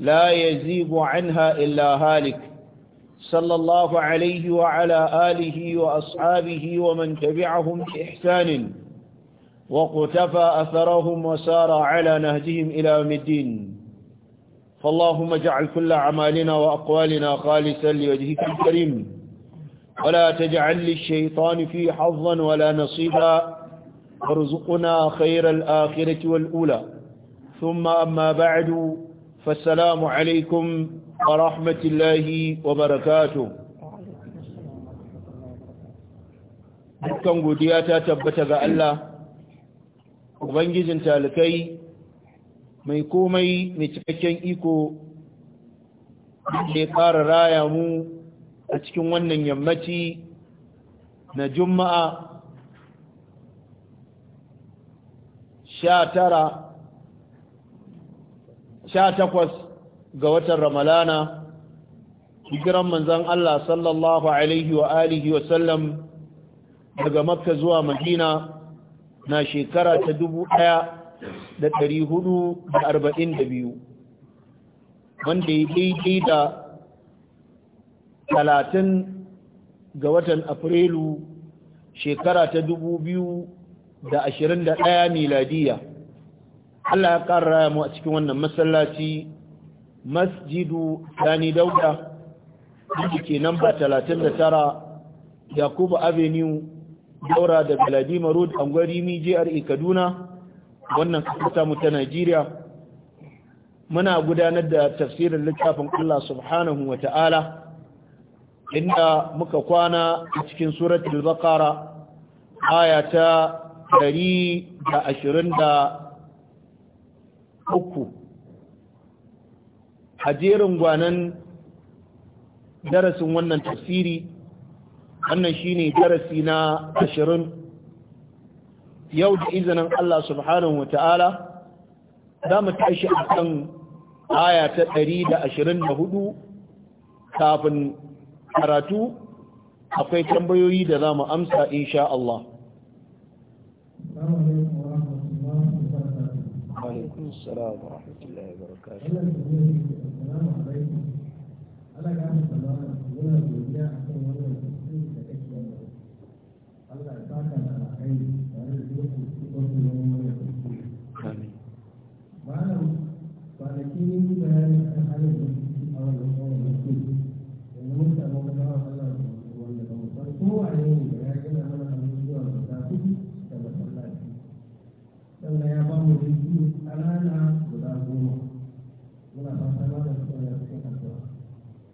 لا يزيغ عنها إلا هالك صلى الله عليه وعلى آله وأصحابه ومن تبعهم بإحسان وقتفى أثرهم وسار على نهجهم إلى مدين فاللهم اجعل كل عمالنا وأقوالنا خالصا لوجهك الكريم ولا تجعل للشيطان في حظا ولا نصيبا وارزقنا خير الآخرة والأولى ثم أما بعد فالسلام عليكم ورحمة الله وبركاته dukkan godiya ta tabbata ga Allah ubangijin talikai mai komai mai cikakken iko da ƙara raya mu a cikin wannan yammaci na juma'a sha tara sha takwas ga watan ramalana hijiran manzan Allah sallallahu alaihi wa alihi wa sallam daga makka zuwa madina na shekara ta dubu ɗaya da ɗari hudu da arba'in da biyu wanda ya daidai da talatin ga watan afrilu shekara ta dubu biyu da ashirin da ɗaya miladiyya Allah ya ƙara mu a cikin wannan masallaci masjidu Sani Dauda da ke namba tara Yakubu Avenue Daura da Vladimir Road Angwari Mi jihar Kaduna wannan kasa mu ta Najeriya muna gudanar da tafsirin littafin Allah subhanahu wa ta'ala inda muka kwana a cikin suratul baqara aya ta 120 uku a jerin gwanan darasin wannan tafsiri wannan shine darasi na ashirin yau da izinin Allah subhanahu wa ta'ala za mu tashi a kan aya ta ɗari da da ashirin hudu kafin karatu akwai tambayoyi da za mu amsa insha Allah. وعليكم السلام ورحمة الله وبركاته Allah ya saka da alkhairi tare da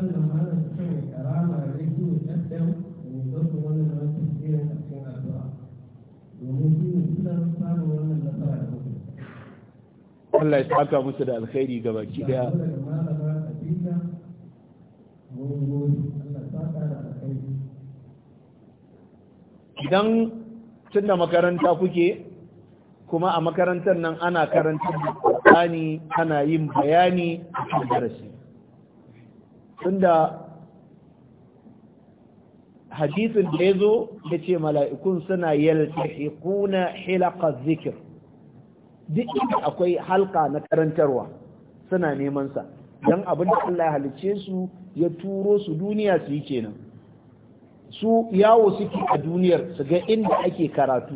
sannan malam kan karama rediyo ɗanɗan mai zama wannan wata tseren a cikin addu'a domin shi ne sunan samun wannan nasara da mutum. Allah ya saka musu da alkhairi ga baki daya. Idan tun da makaranta kuke kuma a makarantar nan ana karantar da ana yin bayani a cikin darasi. tunda hadisin da ya zo ya ce mala'ikun suna yaltahiquna hilaqa zikir duk inda akwai halka na karantarwa suna neman sa dan abin da Allah ya halicce su ya turo su duniya su yi kenan su yawo suke a duniyar su ga inda ake karatu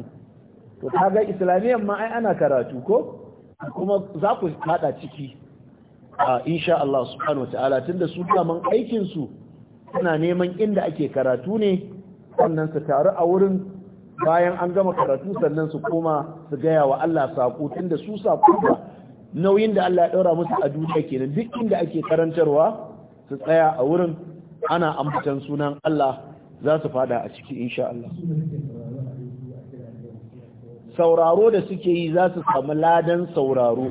to kaga islamiyyar ma ai ana karatu ko kuma za ku ciki a insha Allah subhanahu wataala tunda su daman aikin su suna neman inda ake karatu ne sannan su taru a wurin bayan an gama karatu sannan su koma su gaya wa Allah sako tunda su sako ba nauyin da Allah ya daura musu a duniya kenan duk inda ake karantarwa su tsaya a wurin ana ambatan sunan Allah za su fada a ciki insha Allah sauraro da suke yi za su samu ladan sauraro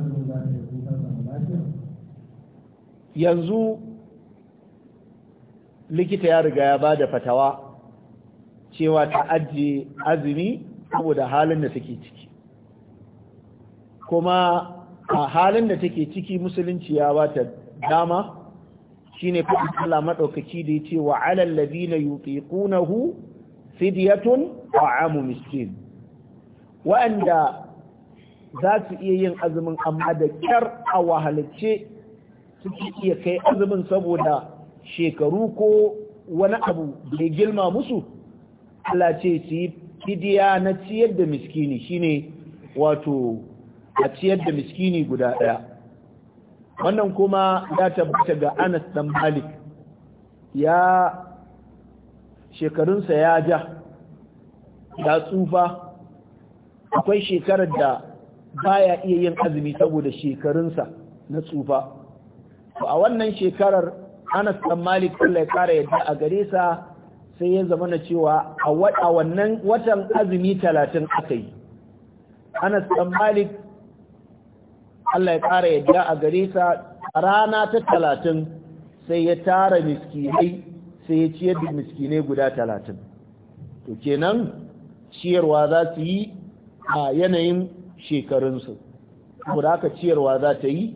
yanzu likita ya riga ya ba da fatawa cewa ta ajiye azumi saboda halin da take ciki kuma a halin da take ciki musulunci ya ba ta dama shine fa Allah madaukaki da yace wa alal ladina yutiqunahu fidyatun amu miskin wa'anda za su iya yin azumin amma da kyar a wahalacce suke iya kai azumin saboda shekaru ko wani abu bai girma musu Allah ce su yi fidiya na ciyar da miskini shine wato a ciyar da miskini guda ɗaya wannan kuma ya tabbata ga Anas dan Malik ya shekarunsa ya ja ya tsufa akwai shekarar da baya iya yin azumi saboda shekarunsa na tsufa to a wannan shekarar Anas dan Malik Allah ya kare yadda a gare sa sai ya zama na cewa a wata wannan watan azumi 30 aka yi Anas dan Malik Allah ya kara yadda a gare sa rana ta 30 sai ya tara miskinai sai ya ciyar da miskinai guda 30 to kenan ciyarwa za su yi a yanayin shekarunsu da haka ciyarwa za ta yi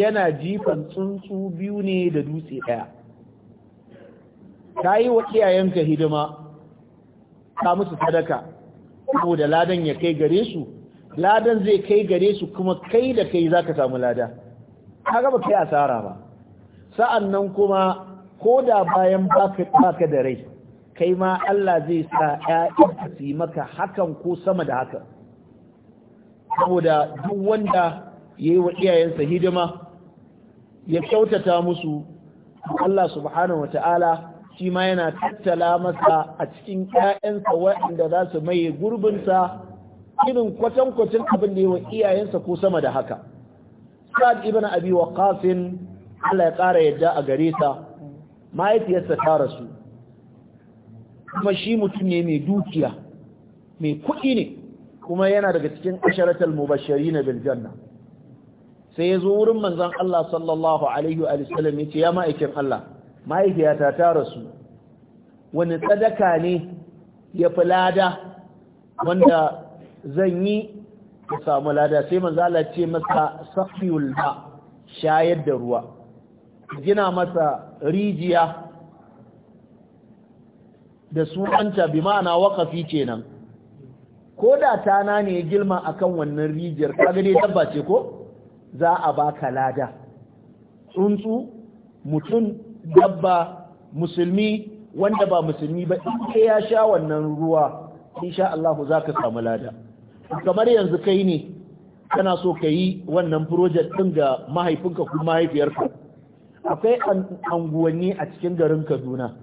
yana jifan tsuntsu biyu ne da dutse ɗaya ka yi wa iyayenka hidima ta musu sadaka saboda ladan ya kai gare su ladan zai kai gare su kuma kai da kai za ka samu lada ka gaba kai asara ba sa'an nan kuma ko da bayan baka da rai kai ma Allah zai sa ‘ya'yanka su maka hakan ko sama da haka saboda duk wanda ya yi wa iyayensa hidima ya kyautata musu Allah subhanahu wa ta'ala shi ma yana tattala masa a cikin ‘ya'yansa waɗanda za su maye gurbinsa irin kwatankwacin abin da yi wa iyayensa ko sama da haka. Sa'ad ibn Abi Waqqasin Allah ya ƙara yadda a gare sa mahaifiyarsa ta rasu kuma shi mutum ne mai dukiya mai kuɗi ne kuma yana daga cikin asharatul mubashirin bil janna sai ya zo wurin manzon Allah sallallahu alaihi wa sallam yace ya ma'aikin Allah mahaifiyata ta rasu wani tsadaka ne ya fi lada wanda zan yi ka samu lada sai manzo Allah ce masa safiyul ba shayar da ruwa gina masa rijiya da sunanta bi ma'ana waqafi kenan ko da tana ne gilma akan wannan rijiyar kaga dai dabba ce ko za a baka lada tsuntsu mutum dabba musulmi wanda ba musulmi ba in ya sha wannan ruwa insha Allah za ka samu lada kamar yanzu kai ne kana so ka yi wannan project ɗin ga mahaifinka ko mahaifiyarka akwai anguwanni a cikin garin kaduna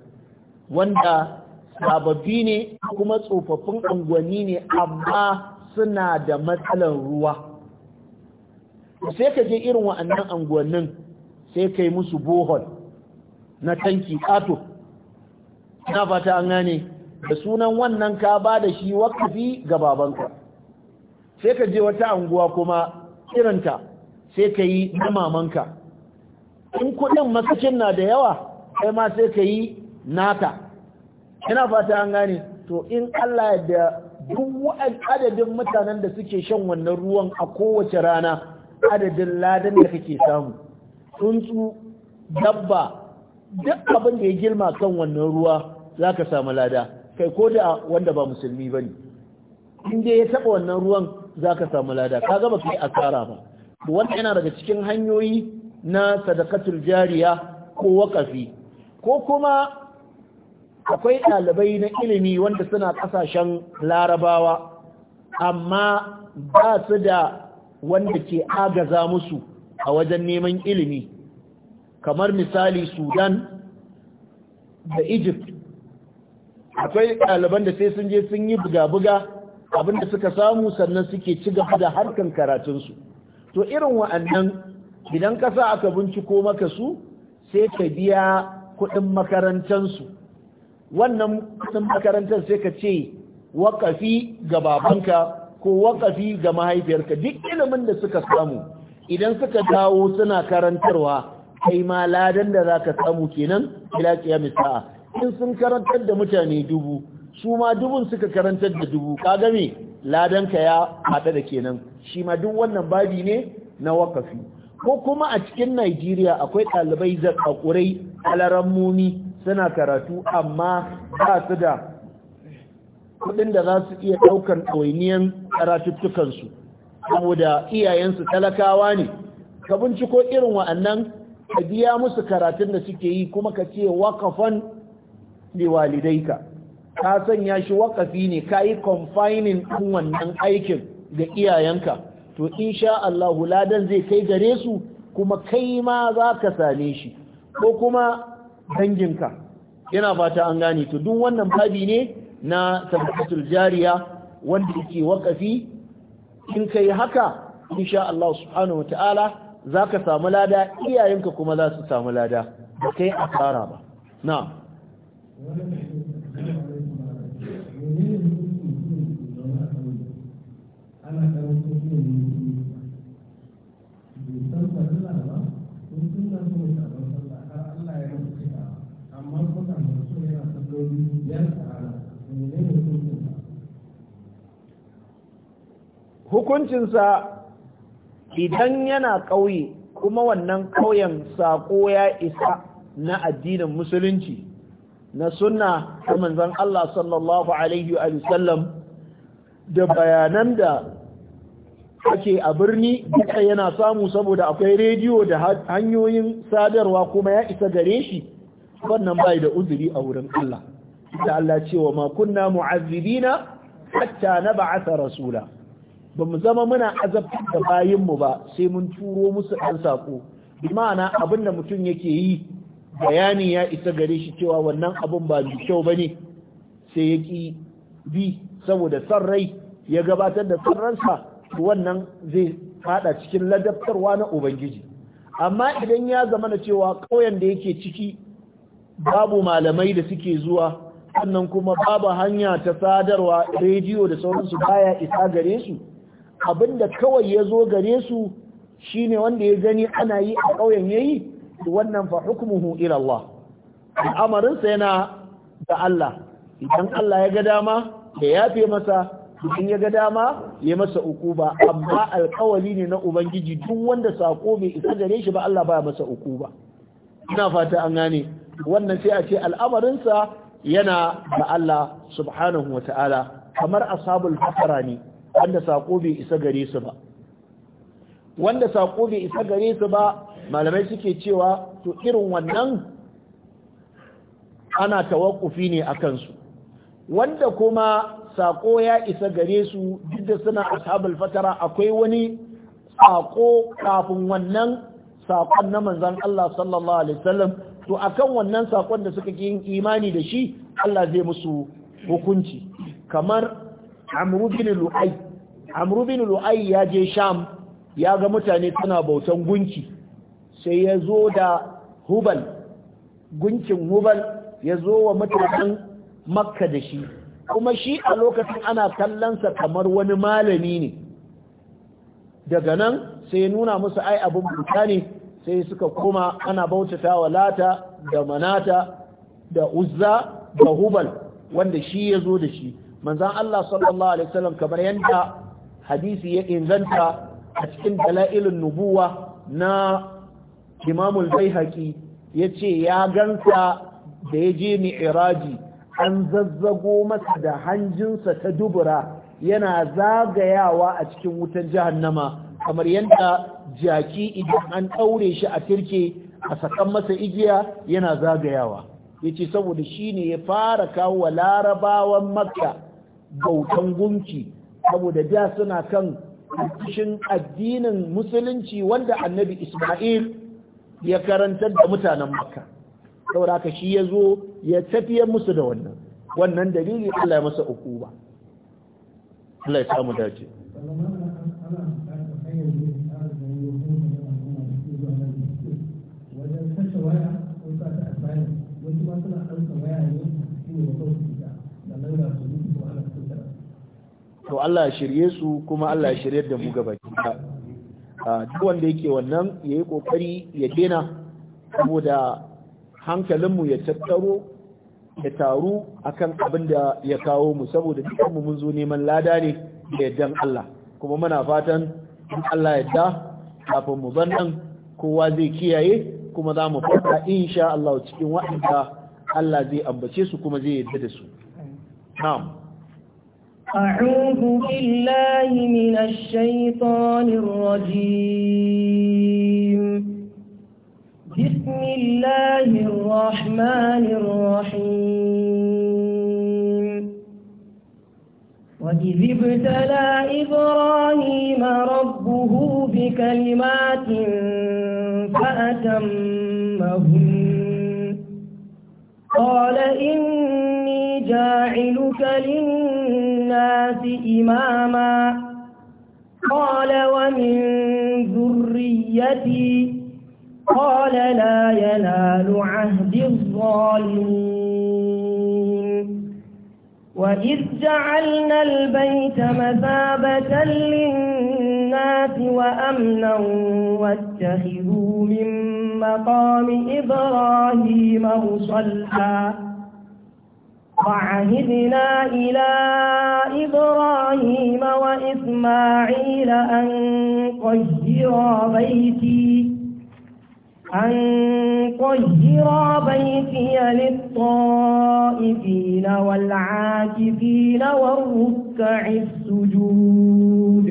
wanda sababbi ne kuma tsofaffin anguwanni ne amma suna da matsalar ruwa sai ka je irin wa'annan anguwannin sai kai musu bohol na tanki kato na fata an gane da sunan wannan ka ba da shi wakafi ga babanka sai ka je wata anguwa kuma irinta sai ka yi na mamanka in kudin masashin na da yawa kai ma sai ka yi nata ina fata an gane to in Allah da duk wa'an adadin mutanen da suke shan wannan ruwan a kowace rana adadin ladan da kake samu tsuntsu dabba duk abin da ya girma kan wannan ruwa za ka samu lada kai ko da wanda ba musulmi ba ne in dai ya taɓa wannan ruwan za ka samu lada ka gaba kai asara ba wannan yana daga cikin hanyoyi na sadakatul jariya ko wakafi ko kuma akwai ɗalibai na ilimi wanda suna ƙasashen larabawa amma ba su da wanda ke agaza musu a wajen neman ilimi kamar misali sudan da egypt akwai ɗaliban da sai sun je sun yi buga-buga abinda suka samu sannan suke ci gaba da harkan karatunsu to irin wa'annan idan kasa aka binciko maka su sai ka biya kuɗin makarantansu wannan kuɗin makarantar sai ka ce wakafi ga babanka ko waƙafi ga mahaifiyarka duk ilimin da suka samu idan suka dawo suna karantarwa kai ma ladan da za ka samu kenan ila kiyamis sa'a in sun karantar da mutane dubu su ma dubun suka karantar da dubu kaga me ladanka ya haɗa da kenan shi ma duk wannan babi ne na waƙafi ko kuma a cikin Najeriya akwai ɗalibai zakakurai muni suna karatu amma ba su da Kuɗin da za su iya ɗaukan ɗawainiyan karatuttukansu saboda iyayensu talakawa ne ka binciko irin wa'annan ka biya musu karatun da suke yi kuma ka ce wakafan ne walidai ka Ka sanya shi wakafi ne ka yi confining ɗin wannan aikin ga iyayenka to insha Allah ladan zai kai gare su kuma kai ma za ka same shi ko kuma danginka yana fata an gane to duk wannan babi ne na sadaqatul jariya wanda yake wakafi in kai haka insha Allah subhanahu wataala zaka samu lada iyayenka kuma za su samu lada ba kai asara ba na'am hukuncinsa idan yana ƙauye kuma wannan ƙauyen saƙo ya isa na addinin musulunci na sunna ta manzon Allah sallallahu alaihi wa sallam da bayanan da ake a birni duka yana samu saboda akwai rediyo da hanyoyin sadarwa kuma ya isa gare shi wannan bai da uzuri a wurin Allah da Allah cewa ma kunna mu'azzibina hatta na ba'asa rasula ba mu zama muna azabtar da bayinmu ba sai mun turo musu ɗan saƙo bi abin da mutum yake yi bayani ya isa gare shi cewa wannan abin ba mai kyau ba ne sai ya ƙi bi saboda son rai ya gabatar da son ransa wannan zai faɗa cikin ladabtarwa na ubangiji amma idan ya zama na cewa ƙauyen da yake ciki babu malamai da suke zuwa sannan kuma babu hanya ta sadarwa rediyo da sauransu baya isa gare su Abin da kawai ya zo gare su shi ne wanda ya gani ana yi a ƙauyen ya yayi wannan fa hukumuhu ila Allah al'amarinsa yana da Allah idan Allah ya ga dama ya yafe masa idan ya ga dama ya masa ukuba amma alkawali ne na ubangiji duk wanda sako bai isa gare shi ba Allah baya masa ukuba ina fata an gane wannan sai a ce al'amarinsa yana da Allah subhanahu wata'ala kamar ashabul fakara ne wanda sako bai isa gare su ba wanda sako bai isa gare su ba malamai suke cewa to irin wannan ana tawakkufi ne a kansu wanda kuma saƙo ya isa gare su duk da suna ashabul fatara akwai wani saƙo kafin wannan sakon na manzon Allah sallallahu alaihi wasallam to akan wannan saƙon da suka yi imani da shi Allah zai musu hukunci kamar amru bin lu'ay amru bin lu'ay ya je sham ya ga mutane suna bautan gunki sai ya zo da hubal gunkin hubal ya zo wa mutanen makka da shi kuma shi a lokacin ana kallonsa kamar wani malami ne daga nan sai nuna musu ai abin buta ne sai suka koma ana bautata wa lata da manata da uzza da hubal wanda shi ya zo da shi manzan Allah sallallahu alaihi wasallam kamar yadda hadisi ya inganta a cikin dala'ilin nubuwa na imamul ya ce ya ganta da ya je iraji an zazzago masa da hanjinsa ta dubura yana zagayawa a cikin wutan jahannama kamar yadda jaki idan an ɗaure shi a turke a sakan masa igiya yana zagayawa Ya ce saboda shi ne ya fara kawo larabawan makka bautan gunki saboda da suna kan cikin addinin musulunci wanda annabi Ismail ya karantar da mutanen Makka saboda haka shi ya zo ya tafiyar musu da wannan wannan dalili Allah ya masa uku ba Allah ya samu dace to Allah ya shirye su kuma Allah ya shirye da mu gaba duk wanda yake wannan ya yi kokari ya dena saboda hankalinmu ya tattaro ya taru akan abin da ya kawo mu saboda dukkanmu mun zo neman lada ne da yardan Allah kuma muna fatan in Allah ya da kafin mu nan kowa zai kiyaye kuma za mu fata insha Allah cikin waɗanda Allah zai ambace su kuma zai yarda da su na'am أعوذ بالله من الشيطان الرجيم بسم الله الرحمن الرحيم وإذ ابتلى إبراهيم ربه بكلمات فأتمهن قال إني جاعلك للناس الناس إماما قال ومن ذريتي قال لا ينال عهد الظالمين وإذ جعلنا البيت مثابة للناس وأمنا واتخذوا من مقام إبراهيم مصلى وعهدنا إلى إبراهيم وإسماعيل أن طهرا بيتي أن طهرا بيتي للطائفين والعاكفين والركع السجود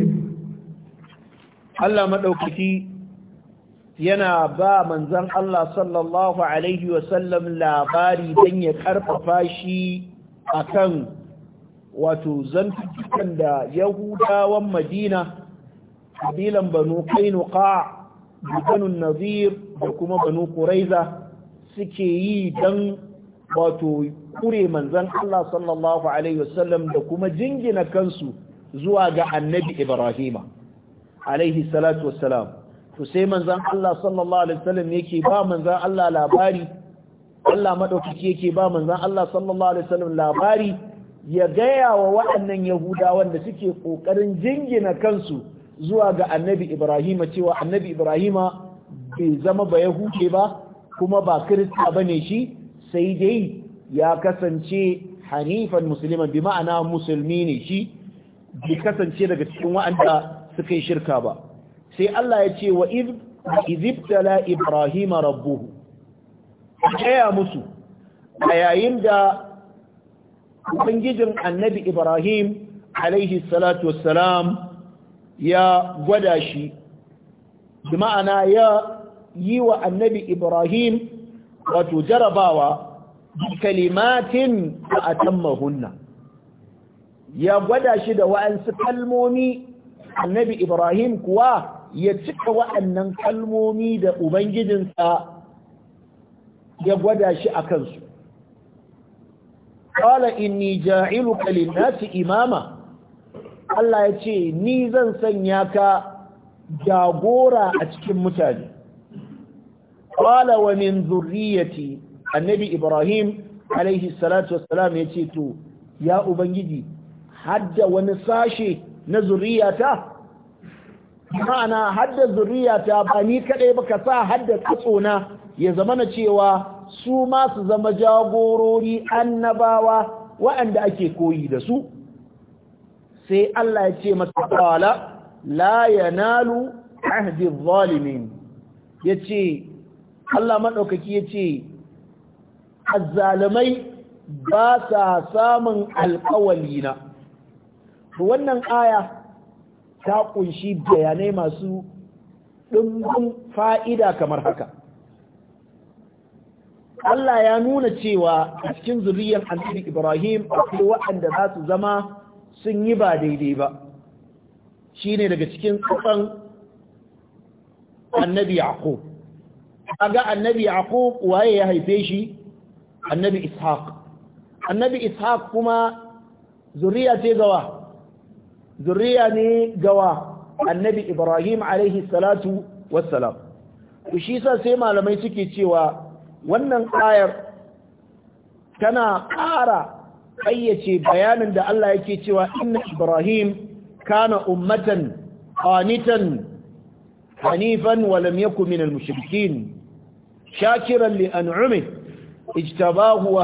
Allah maɗaukaki yana ba manzan Allah sallallahu Alaihi wasallam labari don ya karfafa shi a kan wato zantukan da yahudawan madina kabilan banu Kainu da banu nazir da kuma banu kuraiza suke yi don wato kure manzan Allah sallallahu Alaihi wasallam da kuma jingina kansu zuwa ga annabi Ibrahima alaihi salatu wassalam to sai manzan Allah sallallahu alaihi wasallam yake ba manzan Allah labari Allah madaukaki yake ba manzan Allah sallallahu alaihi wasallam labari ya gaya wa waɗannan yahudawan da suke ƙoƙarin jingina kansu zuwa ga annabi Ibrahima cewa annabi Ibrahima bai zama ba yahude ba kuma ba kirista ba ne shi sai dai ya kasance hanifan musulman bi ma'ana musulmi ne shi bai kasance daga cikin waɗanda suka yi shirka ba sai Allah ya ce wa izibtala ibrahim rabbuhu kaya musu a yayin da ubangijin annabi ibrahim alaihi salatu wassalam ya gwada shi bi ma'ana ya yi wa annabi ibrahim wato jarabawa kalimatin a atammahunna ya gwada shi da wa'ansu kalmomi annabi ibrahim kuwa ya cika wa'annan kalmomi da ubangijinsa ya gwada shi a kansu qala inni ja'iluka lin-nasi imama Allah ya ce ni zan sanya ka jagora a cikin mutane qala wa min annabi ibrahim alaihi salatu wassalam ya ce to ya ubangiji hadda wani sashe na zuriyata ma'ana hadda ta, ba ni kaɗai ba ka sa hadda tsatsona ya zama na cewa su ma su zama jagorori annabawa waɗanda ake koyi da su sai Allah ya ce masa qala la yanalu ahdi zalimin ya yace Allah ya yace azzalimai ba sa samun alƙawalina wannan aya ta kunshi bayanai masu ɗumbin fa'ida kamar haka Allah ya nuna cewa a cikin zuriyar annabi Ibrahim akwai waɗanda za su zama sun yi ba daidai ba shine daga cikin tsatsan annabi Yaqub ga annabi Yaqub waye ya haife shi annabi Ishaq annabi Ishaq kuma zuriya ce gawa zuriya ne gawa annabi ibrahim alaihi salatu wassalam shi sa sai malamai suke cewa wannan ayar tana ƙara ƙayyace bayanin da Allah yake cewa inna ibrahim kana ummatan qanitan hanifan wa lam yakun minal mushrikin shakiran li wa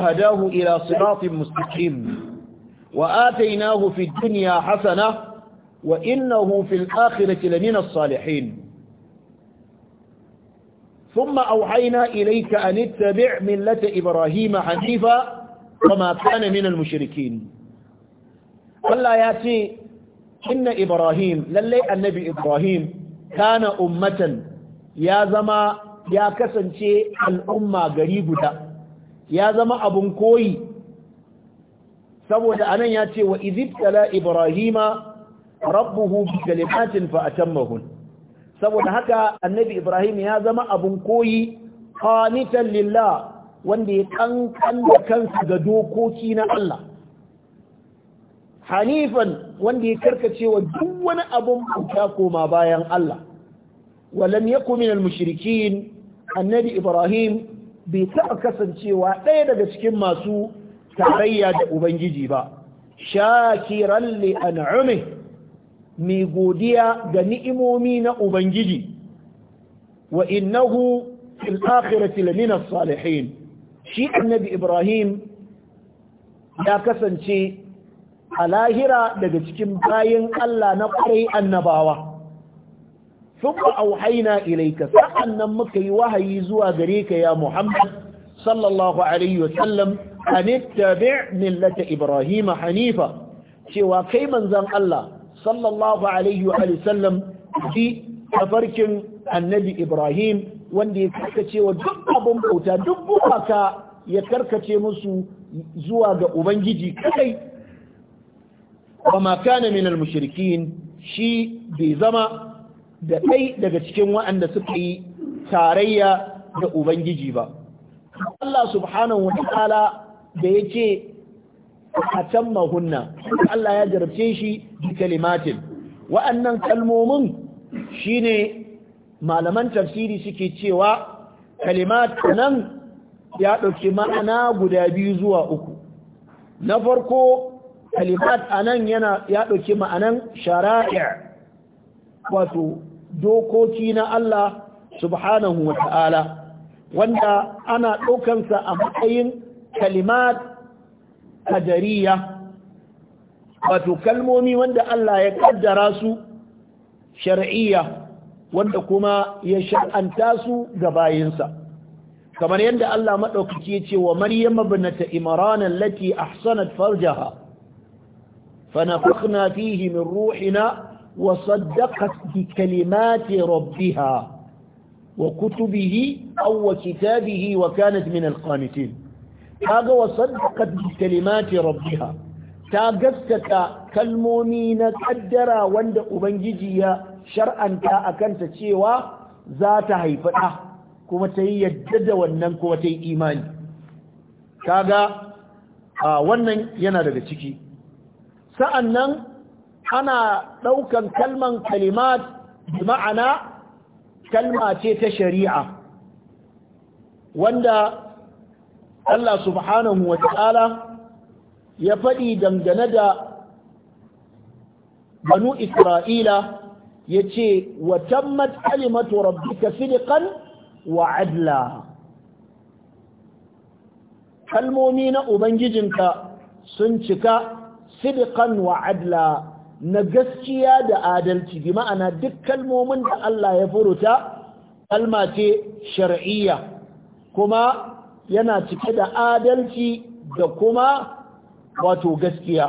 hadahu ila إلى صراط wa وآتيناه في الدنيا حسنة وإنه في الآخرة لمن الصالحين ثم أوحينا إليك أن اتبع ملة إبراهيم حنيفا وما كان من المشركين لا ياتي إن إبراهيم للي النبي إبراهيم كان أمة يا زما يا كسنشي الأمة قريبة يا زما أبن كوي saboda أن ياتي وإذ ابتلى إبراهيم rabbuhu bi kalimatin fa atammahun saboda haka annabi ibrahim ya zama abun koyi qanitan lillah wanda ya kankan da kansa ga dokoki na Allah hanifan wanda ya karkacewa duk wani abun bauta koma bayan Allah walam yakun minal mushrikin annabi ibrahim bai taɓa kasancewa ɗaya daga cikin masu tarayya da ubangiji ba shakiran li an'umihi mai godiya ga ni'imomi na ubangiji wa innahu fil akhirati lamina salihin shi annabi ibrahim ya kasance a lahira daga cikin bayan Allah na kwarai annabawa thumma auhaina ilaika. sa'annan muka yi wahayi zuwa gare ka ya muhammad sallallahu alaihi wa sallam an millata ibrahim hanifa cewa kai manzon Allah sallallahu alaihi wa sallam bi tafarkin annabi ibrahim wanda ya karkace wa duk abin bauta duk bukaka ya karkace musu zuwa ga ubangiji kadai wa ma kana min mushrikin shi bai zama da ɗai daga cikin waɗanda suka yi tarayya da ubangiji ba Allah subhanahu wa ta'ala da yake atammahunna Allah ya jarabce shi bi kalimatin wa'annan kalmomin shine malaman tafsiri suke cewa kalimat nan ya dauki ma'ana guda biyu zuwa uku na farko kalimat anan yana ya dauki ma'anan shara'i' wato dokoki na Allah subhanahu wa ta'ala wanda ana ɗaukansa a matsayin kalimat qadariya wato kalmomi wanda Allah ya kaddara su shar'iyya wanda kuma ya shar'anta su ga bayinsa kamar yadda Allah madaukaki ya ce wa maryam ibnata imran allati ahsanat farjaha fanafakhna fihi min ruhina wa saddaqat bi kalimati rabbiha wa kutubihi aw kitabihi wa kanat min alqanitin Ka ga saddaqat kalimati rabbiha ta gaskata kalmomi na kaddara wanda ubangiji ya shar'anta a kanta cewa za ta haifi ɗa kuma ta yi yadda da wannan kuma ta yi imani kaga a wannan yana daga ciki sa'annan ana ɗaukan kalman kalimat bi ma'ana kalma ce ta shari'a wanda Allah subhanahu wa ta'ala ya faɗi dangane da banu Isra'ila ya ce, wa tammat rabbika sidqan wa adla. Kalmomi na Ubangijinka sun cika sidqan wa adla na gaskiya da adalci, bi ma'ana duk kalmomin da Allah ya furuta, kalma ce shar'iyya kuma yana cike da adalci da kuma wato gaskiya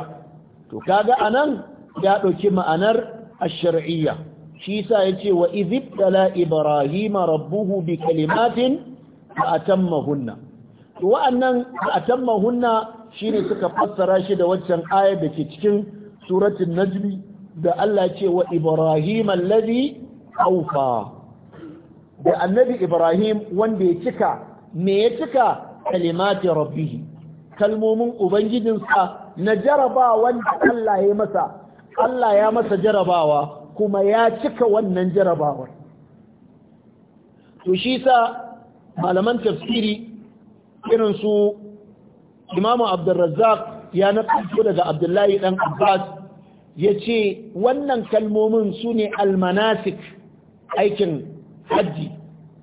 to kaga anan ya ɗauki ma'anar ash-shar'iyya shi yasa yace wa idhib ibrahima rabbuhu bi kalimatin atammahunna to wa'annan atammahunna shine suka fassara shi da waccan ayar da ke cikin suratul najmi da Allah ce wa ibrahima alladhi awfa da annabi ibrahim wanda ya cika me ya cika kalimati rabbihi kalmomin ubangijinsa na jarabawan da Allah ya masa Allah ya masa jarabawa kuma ya cika wannan jarabawar to shi sa malaman tafsiri irin su Imam Abdurrazzaq ya nakalto daga Abdullahi dan Abbas yace wannan kalmomin sune almanasik aikin haji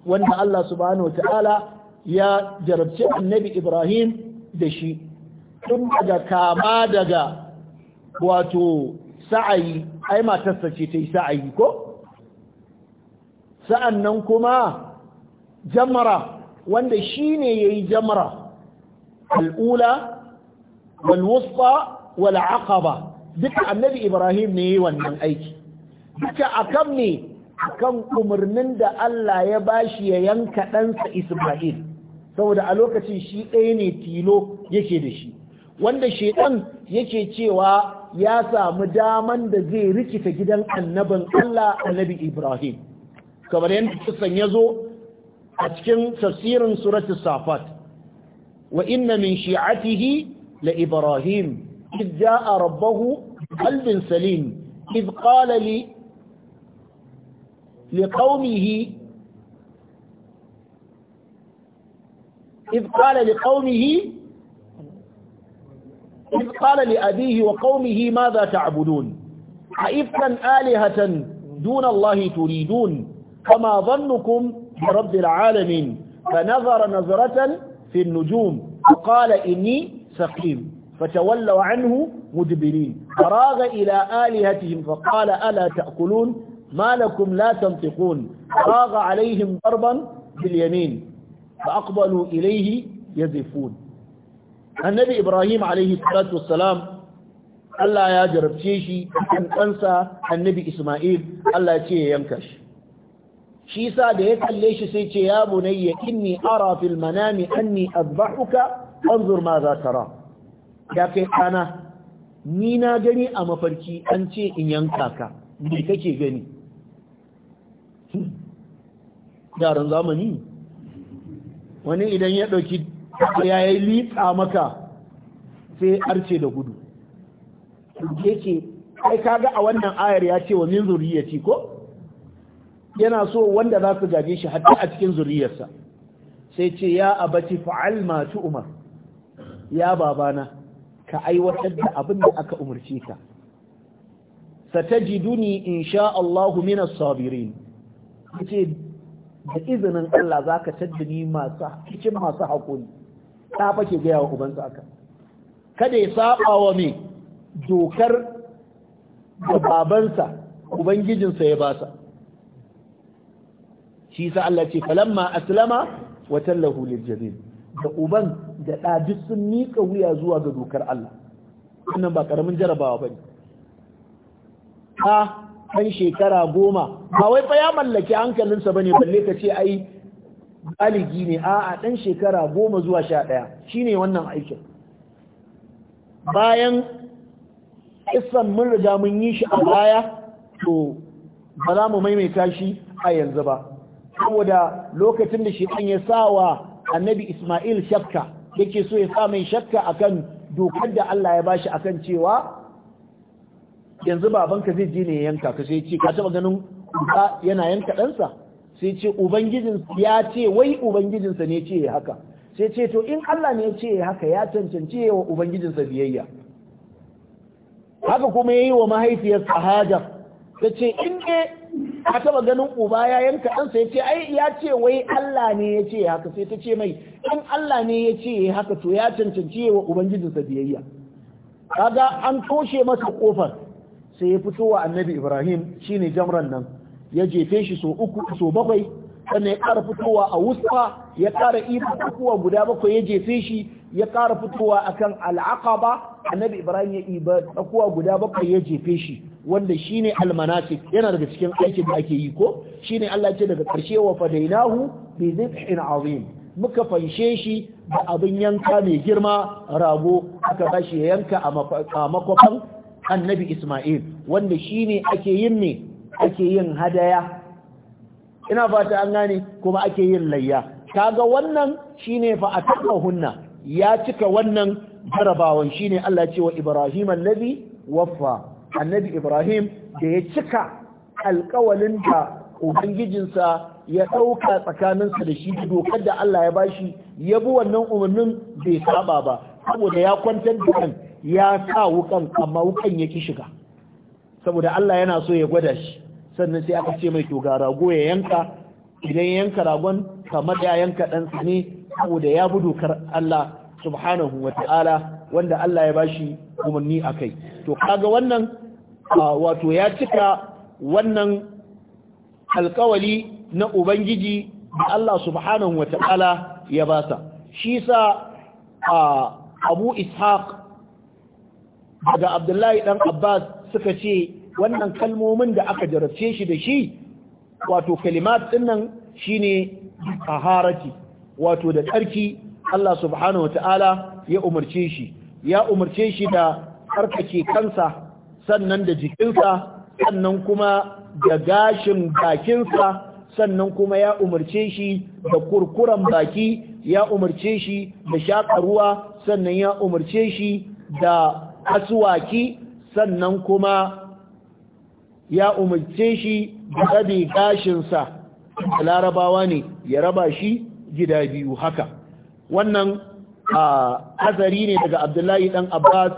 wanda Allah subhanahu wataala ya jarabci annabi ibrahim da shi tun daga kama daga wato sa'ayi ai matarsa ce ta yi sa'ayi ko sa'annan kuma jamara wanda shi ne ya yi jamara al'ula walwusta wal'aqaba duka annabi ibrahim ne yi wannan aiki duka akan ne kan umarnin da Allah ya bashi ya yanka ɗansa isma'il saboda a lokacin shi ɗaya ne tilo yake da shi wanda shaidan yake cewa ya samu daman da zai rikita gidan annabin Allah annabi Ibrahim kamar yadda kisan ya zo a cikin tafsirin suratu safat wa inna min shi'atihi la Ibrahim idh ja'a rabbahu qalbin salim idh qala li liqaumihi إذ قال لقومه إذ قال لأبيه وقومه ماذا تعبدون عئفتا آلهة دون الله تريدون فما ظنكم برب العالمين فنظر نظرة في النجوم وقال إني سقيم فتولوا عنه مدبرين فراغ إلى آلهتهم فقال ألا تأكلون ما لكم لا تنطقون فراغ عليهم ضربا باليمين fa aqbalu ilayhi yazifun annabi ibrahim alaihi salatu wassalam Allah ya jarabce shi kan kansa annabi isma'il Allah ya ce ya yanka shi shi sa da ya kalle shi sai ce ya bunayya inni ara fil manami anni adbahuka anzur ma tara ya kai ɗana ni na gani a mafarki an ce in yanka ka me kake gani yaran zamani wani idan ya ɗauki ya yi litsa maka sai arce da gudu yake ai kaga a wannan ayar ya ce wa min zuriyati ko yana so wanda za su gaje shi hatta a cikin zuriyarsa sai ce ya abati fa'al ma umar ya babana ka aiwatar da abin da aka umarce ka satajiduni insha Allah min as-sabirin ce da izinin Allah za ka taddini masu cikin masu haƙuri ta fake gaya wa ubansa aka kada ya saba wa mai dokar da babansa ubangijinsa ya basa shi sa Allah ce falamma aslama wa tallahu lil da uban da ɗaji sun miƙa wuya zuwa ga dokar Allah wannan ba ƙaramin jarabawa ba ne. ɗan shekara goma ba wai fa ya mallaki hankalinsa ba bane balle ka ce ai baligi ne a'a ɗan shekara goma zuwa sha ɗaya Shi ne wannan aikin bayan isan mun riga mun yi shi a baya to ba za mu maimaita shi a yanzu ba saboda lokacin da shi ya sa wa annabi Ismail shakka yake so ya sa mai shakka akan dokar da Allah ya bashi akan cewa yanzu babanka zai je ne ya yanka ka sai ce ka taba ganin uba yana yanka ɗansa sai ce ubangijin ya ce wai ubangijinsa ne ce ya haka sai ce to in Allah ne ya ce ya haka ya cancanci wa ubangijinsa biyayya haka kuma ya yi wa mahaifiyar sahaja ta ce in ne ka taba ganin uba ya yanka ɗansa ya ce ai ya ce wai Allah ne ya ce haka sai ta ce mai in Allah ne ya ce haka to ya cancanci wa ubangijinsa biyayya kaga an toshe masa kofar sai ya fito wa annabi ibrahim shine jamran nan ya jefe shi so uku so bakwai sannan ya ƙara fitowa a wusfa ya ƙara irin kuwa guda bakwai ya jefe shi ya ƙara fitowa akan al'aqaba annabi ibrahim ya iba tsakuwa guda bakwai ya jefe shi wanda shine almanasik yana daga cikin aikin da ake yi ko shine Allah ce daga ƙarshe wa fadainahu bi dhibhin azim muka fanshe shi da abin yanka mai girma rago aka bashi ya yanka a makwafan annabi Ismail wanda shine ake yin ne ake yin hadaya ina fata an gane kuma ake yin layya kaga wannan shine fa hunna ya cika wannan jarabawan shine Allah ya ce wa Ibrahim annabi waffa annabi Ibrahim da ya cika alƙawalin da ubangijinsa ya ɗauka tsakaninsa da shi dokar da Allah ya bashi ya bi wannan umarnin bai saba ba saboda ya kwantar da kan ya sa wukan amma wukan ya ki shiga saboda Allah yana so ya gwada shi sannan sai aka ce mai to ga rago ya yanka idan yanka ragon kamar ya yanka ɗansa ne saboda ya bi dokar Allah subhanahu wa wanda Allah ya bashi umarni a to kaga wannan wato ya cika wannan alkawali na Ubangiji da Allah subhanahu wa ta'ala ya basa shi sa abu ishaq daga abdullahi ɗan abbas suka ce wannan kalmomin da aka jarabce shi da shi wato kalimat dinnan shine taharati wato da tsarki Allah subhanahu ta'ala ya umarce shi ya umarce shi da tsarkake kansa sannan da jikinsa sannan kuma da gashin bakinsa sannan kuma ya umarce shi da kurkuran baki ya umarce shi da shaƙa ruwa sannan ya umarce shi da asuwaki sannan kuma ya umarce shi da gashinsa gashinsa larabawa ne ya raba shi gida biyu haka wannan azari ne daga abdullahi Ɗan abbas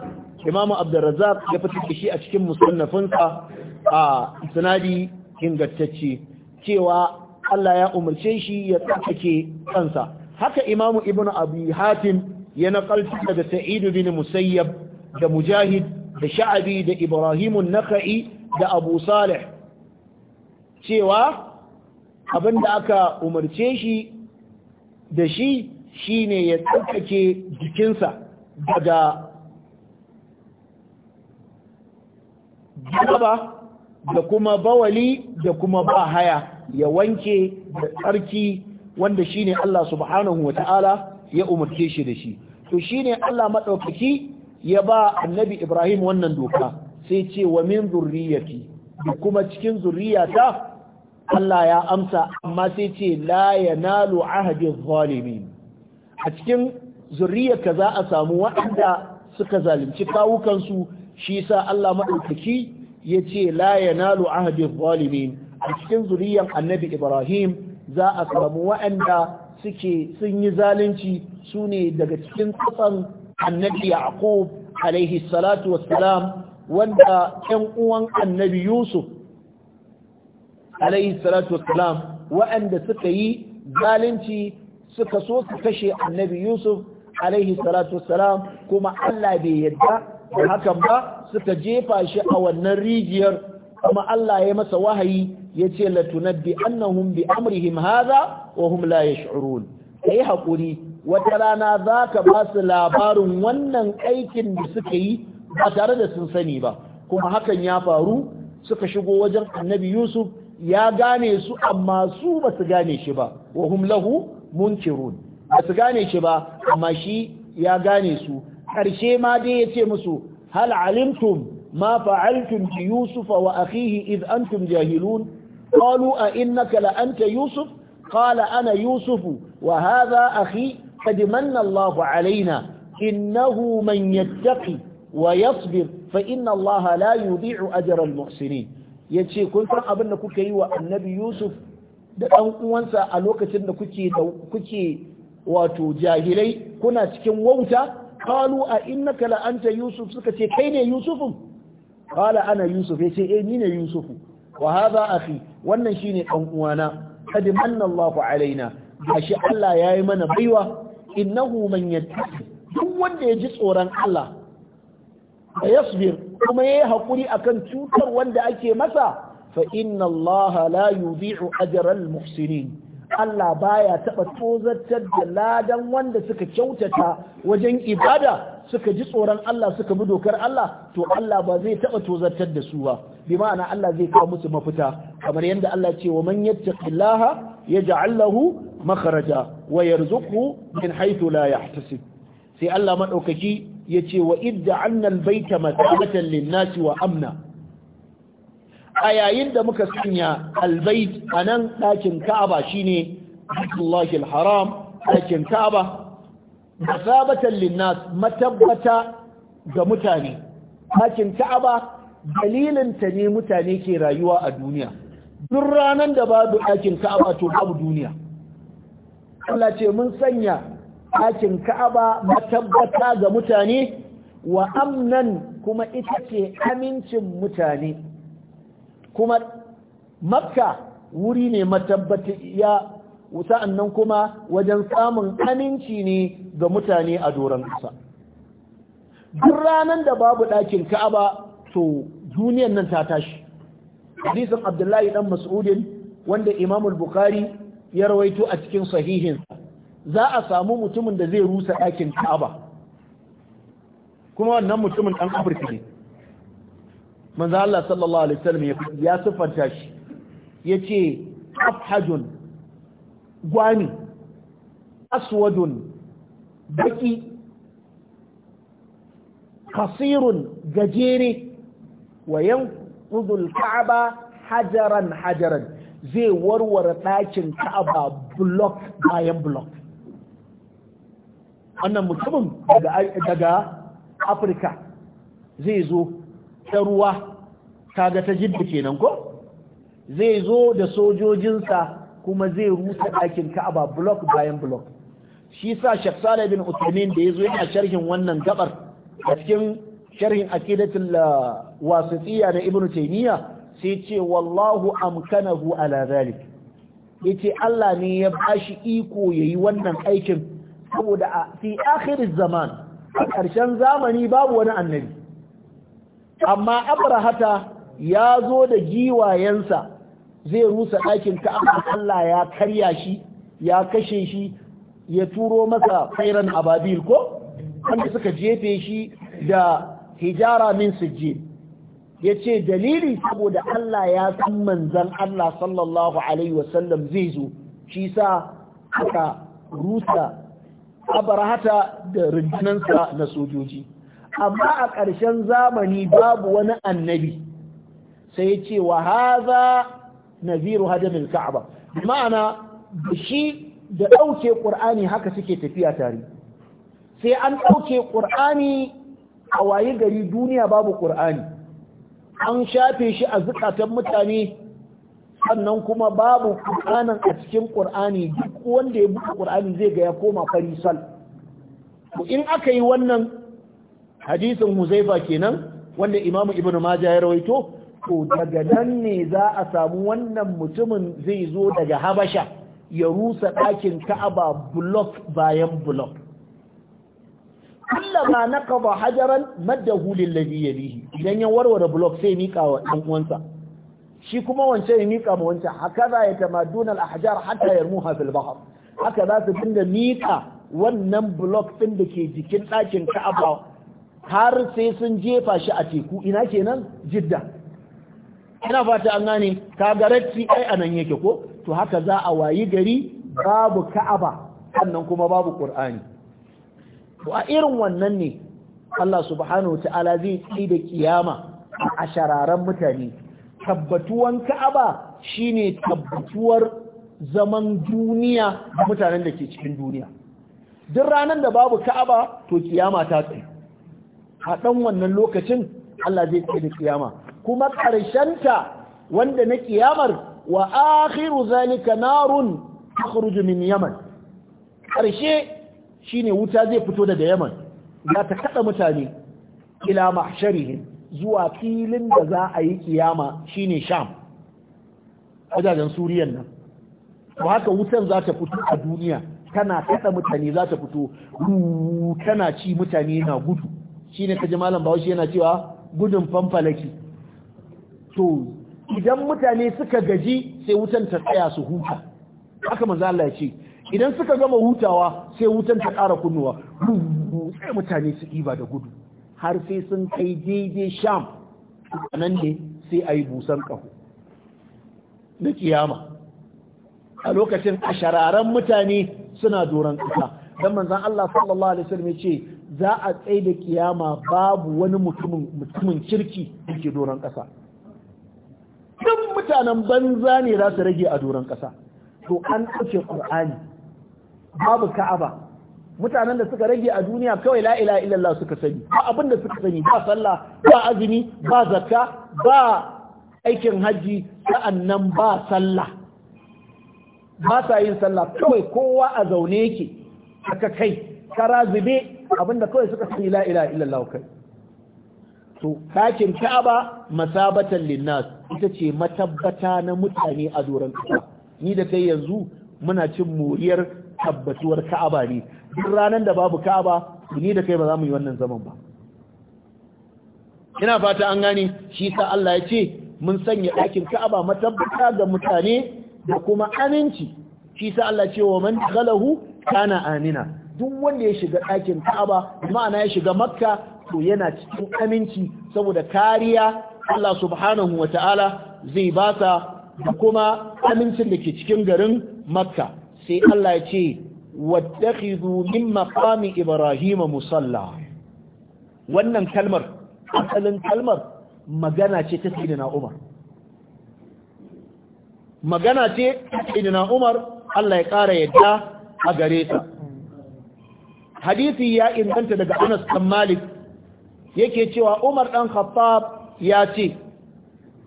imamu abdurrazzaq ya fitar da shi a cikin musannafinsa a sanadi ingantacce cewa Allah ya umarce shi ya tsakake kansa haka imamu ibnu abu hatim ya naqalta daga sa'idu bin musayyab da mujahid da sha'abi da ibrahimun naka'i da abu salih cewa abin da aka umarce shi da shi shine ya tsarkake jikinsa daga gaba da kuma bawali da kuma ba haya ya wanke da tsarki wanda shine Allah subhanahu wa ta'ala ya umarce shi da shi to shine Allah maɗaukaki ya ba annabi Ibrahim wannan doka sai ce wa min zurriyati da kuma cikin zurriyata Allah ya amsa amma sai ce la yanalu ahadi zalimin a cikin zurriyarka za a samu waɗanda suka zalunci kawukansu shi sa, Allah madaukaki yace la yanalu ahadi zalimin a cikin zuriyar annabi Ibrahim za a samu waɗanda suke sun yi zalunci su ne daga cikin tsatsan annabi yaqub alayhi salatu wassalam wanda ƴan uwan annabi yusuf alayhi salatu wassalam waɗanda suka yi zalunci suka so su kashe annabi yusuf alayhi salatu wassalam kuma Allah bai yadda da hakan ba suka jefa shi a wannan rijiyar kuma Allah ya masa wahayi ya ce latunabbi annahum bi amrihim hadha wa hum la yash'urun kai hakuri wata rana za ka ba su labarin wannan aikin da suka yi ba tare da sun sani ba kuma hakan ya faru suka shigo wajen annabi yusuf ya gane su amma su ba su gane shi ba wahum lahu munkirun ba su gane shi ba amma shi ya gane su ƙarshe ma dai ya ce musu hal alimtum ma fa'altum bi Yusufa wa akhihi id antum jahilun qalu a innaka la anta yusuf qala ana yusufu wa hadha akhi قد من الله علينا إنه من يتقي ويصبر فإن الله لا يضيع أجر المحسنين yace kun san abin da kuka yi wa annabi Yusuf da ɗan uwansa a lokacin da kuke kuke wato jahilai kuna cikin wauta Kalu a innaka la anta Yusuf suka ce kai ne Yusufun Kala ana Yusuf yace eh ni ne Yusufu wa hadha akhi wannan shine ɗan uwana kad manna Allahu alaina gashi Allah yayi mana baiwa innahu man duk wanda ya ji tsoron Allah da yasbir kuma haƙuri a akan cutar wanda ake masa fa inna Allah la yudhi'u ajra al-muhsinin Allah baya taɓa tozartar da ladan wanda suka kyautata wajen ibada suka ji tsoron Allah suka bi dokar Allah to Allah ba zai taɓa tozartar da su ba bi ma'ana Allah zai kawo musu mafita kamar yadda Allah ce wa man yattaqillaha yaj'al lahu makaraja wa yarzuqhu min haythu la yahtasib sai Allah madaukaki yace wa idda annal baita mata'atan lin wa amna a yayin da muka sanya albayt anan dakin Ka'aba shine Allahu haram dakin Ka'aba masabatan lin-nas matabbata ga mutane dakin Ka'aba dalilin ta ne mutane ke rayuwa a duniya duk ranan da babu dakin Ka'aba to babu duniya Allah ce mun sanya ɗakin Ka'aba matabbata ga mutane wa amnan kuma ita ce amincin mutane kuma Makka wuri ne matabbata ya sa'an nan kuma wajen samun aminci ne ga mutane a doron ƙasa. Duk ranar da babu ɗakin Ka'aba to duniyan nan ta tashi. Hadisin Abdullahi ɗan Mas'udin wanda Imamul Bukhari ya rawaito a cikin sahihin za a samu mutumin da zai rusa ɗakin Ka'aba kuma wannan mutumin ɗan Afirka ne manzo Allah sallallahu alaihi wasallam ya siffanta shi yace afhajun gwani aswadun baki kasirun gajere wa yanqudu kaaba hajaran hajaran zai warware ɗakin ka'aba block bayan block wannan mutumin daga afirka zai zo ta ruwa kaga ta jidda kenan ko zai zo da sojojinsa kuma zai rusa ɗakin ka'aba block bayan block shi sa Sheikh bin da da zo yana sharhin wannan gabar a cikin sharhin uh, wasu tsiya na Ibn Taymiyyah sai ce wallahu amkanahu ala zalik yace Allah ne ya bashi iko yayi wannan aikin saboda a fi akhir zaman a karshen zamani babu wani annabi amma abrahata ya zo da giwayensa zai rusa ɗakin ka Allah ya karya shi ya kashe shi ya turo masa fairan ababil ko wanda suka jefe shi da hijara min sijjin ya ce dalili saboda Allah ya san manzan Allah sallallahu Alaihi wasallam zai zo shi sa aka rusa abarhata da rundunansa na sojoji amma a ƙarshen zamani babu wani annabi sai ce wa haza naziru hadamin ka'aba ma'ana da shi da ɗauke ƙur'ani haka suke tafiya tare sai an ɗauke ƙur'ani a waye gari duniya babu ƙur'ani an shafe shi a zukatan mutane sannan kuma babu ƙur'anin a cikin ƙur'ani duk wanda ya buɗe ƙur'ani zai ga ya koma farisal to in aka yi wannan hadisin huzaifa kenan wanda imamu ibn majah ya rawaito to daga nan ne za a samu wannan mutumin zai zo daga habasha ya rusa ɗakin ka'aba block bayan block na kaba hajaran lafi ya bihi idan ya warware bulok sai miƙa wa ɗan uwansa shi kuma wance ya miƙa ma wancan haka za ya tamaduna al-ahjar hatta yarmuha fil bahr haka za su dinga mika wannan block ɗin da ke jikin ɗakin Ka'aba har sai sun jefa shi a teku ina kenan Jidda ina fata an gane kagaratti ai nan yake ko to haka za a wayi gari babu Ka'aba sannan kuma babu Qur'ani to a irin wannan ne Allah subhanahu ta'ala zai tsaye da kiyama a shararan mutane tabbatuwan ka'aba shine tabbatuwar zaman duniya da mutanen da ke cikin duniya duk ranar da babu ka'aba to kiyama ta tsaye a ɗan wannan lokacin Allah zai tsaye da kiyama kuma ta wanda na kiyamar wa akhiru zalika narun takhruju min yaman ƙarshe shine wuta zai fito daga yaman za ta kada mutane ila mahsharihim zuwa filin da za a yi kiyama shine sham wajajen suriyan nan to haka wutan za ta fito a duniya tana kada mutane za ta fito tana ci mutane na gudu shine kaji malam bawashi yana cewa gudun fanfalaki to idan mutane suka gaji sai wutan ta tsaya su huta haka manzo Allah ya ce idan suka gama hutawa sai wutan ta ƙara kunnuwa sai mutane su ɗiba da gudu har sai sun kai daidai sham a nan ne sai a yi busan ƙau. na ƙiyama. a lokacin a shararen mutane suna doron ƙasa don manzan Allah sallallahu alaihi wasallam ce za a tsaye da kiyama babu wani mutumin kirki da ke doron ƙasa duk mutanen banza ne za su rage a doron ƙasa to an ɗauke ƙur'ani babu ka'aba mutanen da suka rage a duniya kawai la ilaha illallah suka sani ba abin da suka sani ba sallah ba azumi ba zakka ba aikin hajji sa'annan ba sallah ba sa yin sallah kawai kowa a zaune yake aka kai kara zube da kawai suka sani la ilaha illallah kai to kakin Ka'aba masabatan linnas ita ce matabbata na mutane a doron ƙasa ni da kai yanzu muna cin moriyar tabbatuwar ka'aba ne duk ranar da babu ka'aba ni da kai ba za mu yi wannan zaman ba ina fata an gani shi sa Allah ya ce mun sanya ɗakin ka'aba matabbata ga mutane da kuma aminci shi sa Allah ce wa man galahu kana amina duk wanda ya shiga ɗakin ka'aba ma'ana ya shiga makka to yana cikin aminci saboda kariya Allah subhanahu wa ta'ala zai ba da kuma amincin da ke cikin garin makka sai Allah ya ce wattakhidhu min maqami ibrahima musalla wannan kalmar asalin kalmar magana ce ta sayyidina Umar magana ce ta sayyidina Umar Allah ya kara yadda a gare ta hadisi ya inganta daga Anas kan Malik yake cewa Umar dan Khattab ya ce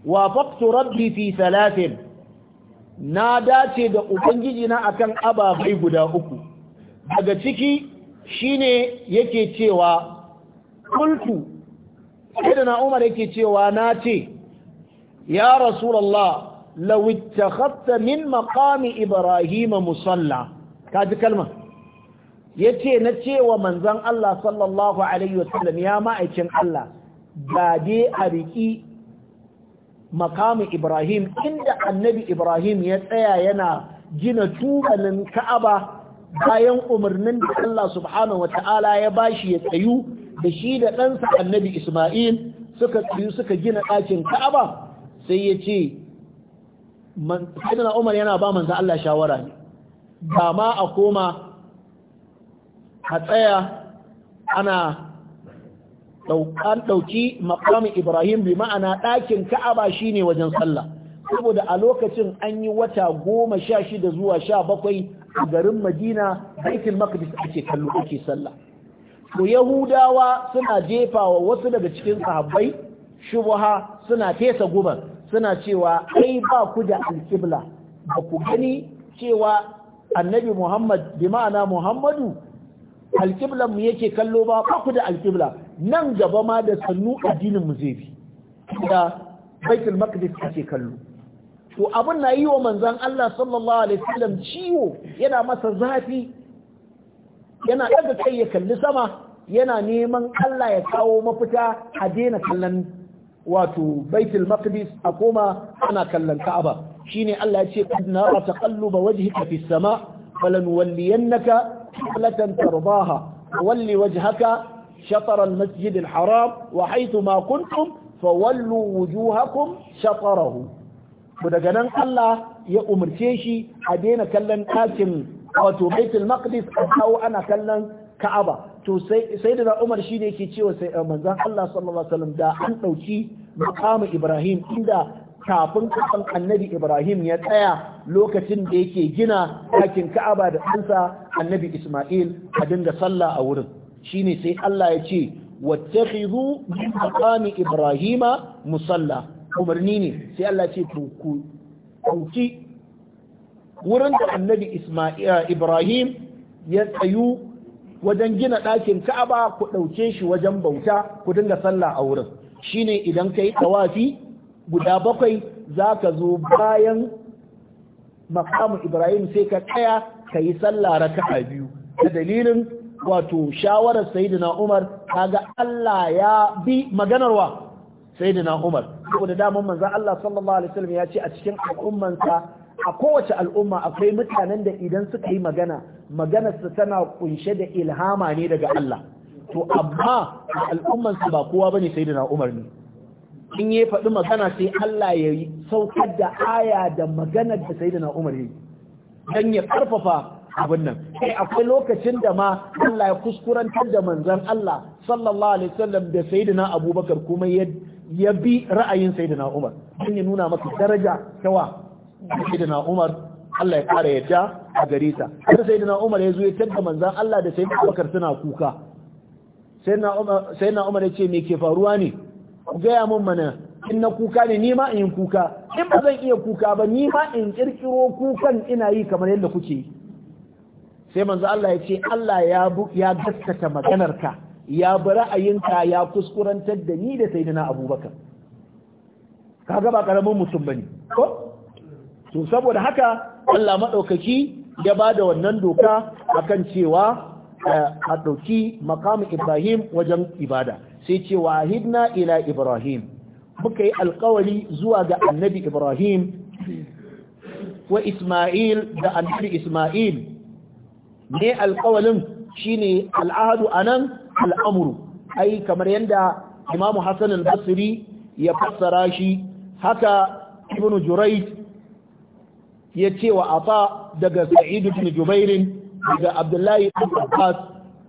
wafaqtu rabbi fi thalathin na dace da ubangiji na akan ababai guda uku daga ciki shine yake cewa kultu sai na umar yake cewa na ce ya rasulallah لو اتخذت Ibrahim مقام Ka ji kalma. Ya ce na cewa manzon Allah sallallahu alaihi wasallam ya ma'aikin Allah da dai a riki makamin Ibrahim inda annabi Ibrahim ya tsaya yana gina tubalin Ka'aba bayan umarnin da Allah subhanahu wa ta'ala ya bashi ya tsayu da shi da ɗansa annabi Ismail suka tsayu suka gina ɗakin Ka'aba sai ya ce Umar yana ba manzo Allah shawara ne ba ma a koma a tsaya ana an ɗauki makamin ibrahim bi ma'ana ɗakin ka'aba shine wajen sallah saboda a lokacin an yi wata goma sha shida zuwa sha bakwai a garin madina baitul maqdis ake kallo ake sallah to yahudawa suna jefawa wasu daga cikin sahabbai shubha suna fesa guban suna cewa ai ba ku da alƙibla ba ku gani cewa annabi muhammad bi ma'ana muhammadu alƙiblan mu yake kallo ba ba ku da alƙibla nan gaba ma da sannu addinin mu zai bi da baitul maqdis ake kallo to abin na yi wa manzan Allah sallallahu alaihi wasallam ciwo yana masa zafi yana daga kai ya kalli sama yana neman Allah ya kawo mafita a daina kallon wato baitul maqdis a koma ana kallon Ka'aba shine Allah ya ce qad nara taqalluba wajhika fis sama' falanuwalliyannaka قبلة ترضاها ول وجهك شطر المسجد الحرام وحيث ما كنتم فولوا وجوهكم شطره daga nan Allah ya umarce shi a daina kallon ɗakin wato Baitul Maqdis a kawo ana kallon Ka'aba sai da Umar shi ne yake cewa sai manzon Allah sallallahu alaihi wasallam da an dauki maqamu Ibrahim inda kafin kusan annabi Ibrahim ya tsaya lokacin da yake gina ɗakin Ka'aba da ɗansa annabi Ismail a dinga sallah a wurin shine sai Allah ya ce wattakhidhu maqami Ibrahima musalla umarni ne sai Allah ce ku dauki wurin da annabi Ismail Ibrahim ya tsayu wajen gina ɗakin Ka'aba ku ɗauke shi wajen bauta ku dinga sallah a wurin shine idan kai tawafi guda bakwai za ka zo bayan makamu ibrahim sai ka tsaya ka yi sallah raka'a biyu da dalilin wato shawarar sayyidina umar kaga Allah ya bi maganarwa sayyidina umar saboda daman manzon Allah sallallahu alaihi wasallam ya ce a cikin al'ummansa a kowace al'umma akwai mutanen da idan suka yi magana maganarsa tana kunshe da ilhama ne daga Allah to amma al'ummansa ba kowa bane sayyidina umar ne in ya faɗi magana sai Allah ya yi saukar da aya da maganar da sai na Umar yi don ya ƙarfafa abin nan sai akwai lokacin da ma Allah ya kuskurantar da manzan Allah sallallahu alaihi wasallam da na Abubakar kuma ya bi ra'ayin na Umar don ya nuna maka daraja da na Umar Allah ya ƙara yadda a gare ta har na Umar ya zo ya tadda manzan Allah da da Abubakar suna kuka sai na Umar ya ce me ke faruwa ne ku gaya mun mana in na kuka ne ni ma in kuka in ba zan iya kuka ba ni ma in kirkiro kukan ina yi kamar yadda kuke yi sai manzo Allah ya ce Allah ya ya gaskata maganarka ya bi ra'ayinka ya kuskurantar da ni da sayyidina Abubakar kaga ba karamin mutum bane ko to saboda haka Allah madaukaki ya ba da wannan doka akan cewa eh, a ɗauki makamin Ibrahim wajen ibada sai ce wahidna ila ibrahim muka yi alkawari zuwa ga annabi ibrahim wa isma'il da annabi isma'il ne alkawalin shine al'ahadu anan al'amuru ai kamar yadda imamu Hassanin Basiri basri ya fassara shi haka ibnu jurayt ya ce wa afa daga Sa'idu ibn daga abdullahi ibn abbas